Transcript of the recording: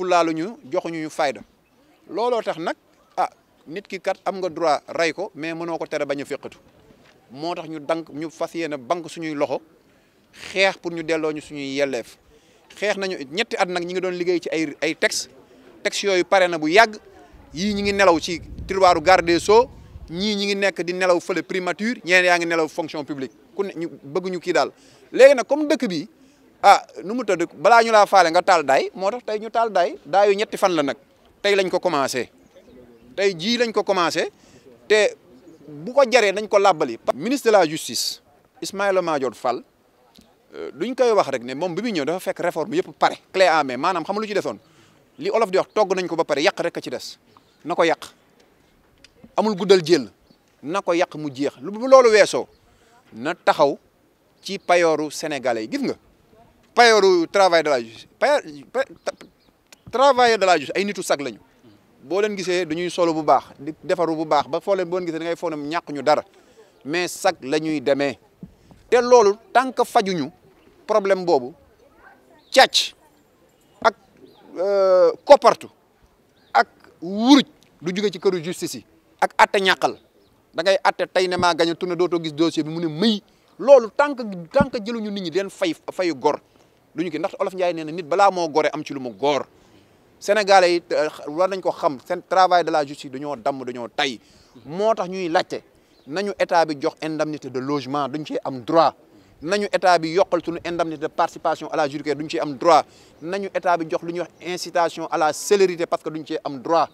ñu joxuñu ñu fayda looloo tax nag a ah, nit ki kat am nga droit rey ko mais mënoo ko tere bañ a féqatu moo tax ñu dank ñu fas yéene bank suñuy loxo xeex pour ñu delloo ñu suñuy yelleef xeex nañu ñetti at nag ñi ngi doon liggéey ci ay ay texte texte yooyu pare na bu yàgg yii ñi ngi nelaw ci tiroiru garde des sceaux ñii ñi ngi nekk di nelaw fële primature ñeen yaa ngi nelaw fonction publique ku ne ñu bëgguñu ñu kii daal léegi nag comme dëkk bi ah nu mu tëdd balaa ñu laa faale nga taal daay moo tax tey ñu taal daay daayu ñetti fan la nag tey lañ ko commencé tey jii lañ ko commencé te bu ko jaree nañ ko làbbali. ministre de la justice Ismaïla Madior Fall euh, duñ koy wax rek ne moom bi muy ñëw dafa fekk réforme yëpp pare clé en main maanaam xam lu ci desoon li olof di wax togg nañ ko ba pare yàq rek a ci des na ko yàq amul guddal jël na ko yàq mu jeex lu bu loolu weesoo na taxaw ci payooru sénégalais yi nga. payoru travail de la justice travail de la justice ay nitu sag lañu boo leen gisee dañuy solo bu baax di defaru bu baax ba foo leen boo leen gisee da ngay foo nam ñàkk ñu dara mais sag la ñuy demee te loolu tant que problème boobu càcc ak euh, kopartu ak wuruj du jóge ci këru justice ak atte nyakal. da ngay atte tey ne ma gañ a tourné dootoo gis dossier bi mu ne mëy loolu tant jëluñu nit ñi den fayu gor ñu ki ndax olof Ndiaye nee na nit balaa moo gore am ci lu mu góor sénégalais yi euh, war nañ ko xam seen travail de la justice dañoo damm dañoo tay moo tax ñuy laajte nañu état bi jox indemnité de logement duñ ci am droit nañu état bi yokkal suñu indemnité de participation à la judiciaire duñ ci am droit nañu état bi jox lu ñuy wax incitation à la célérité parce que duñ cee am droit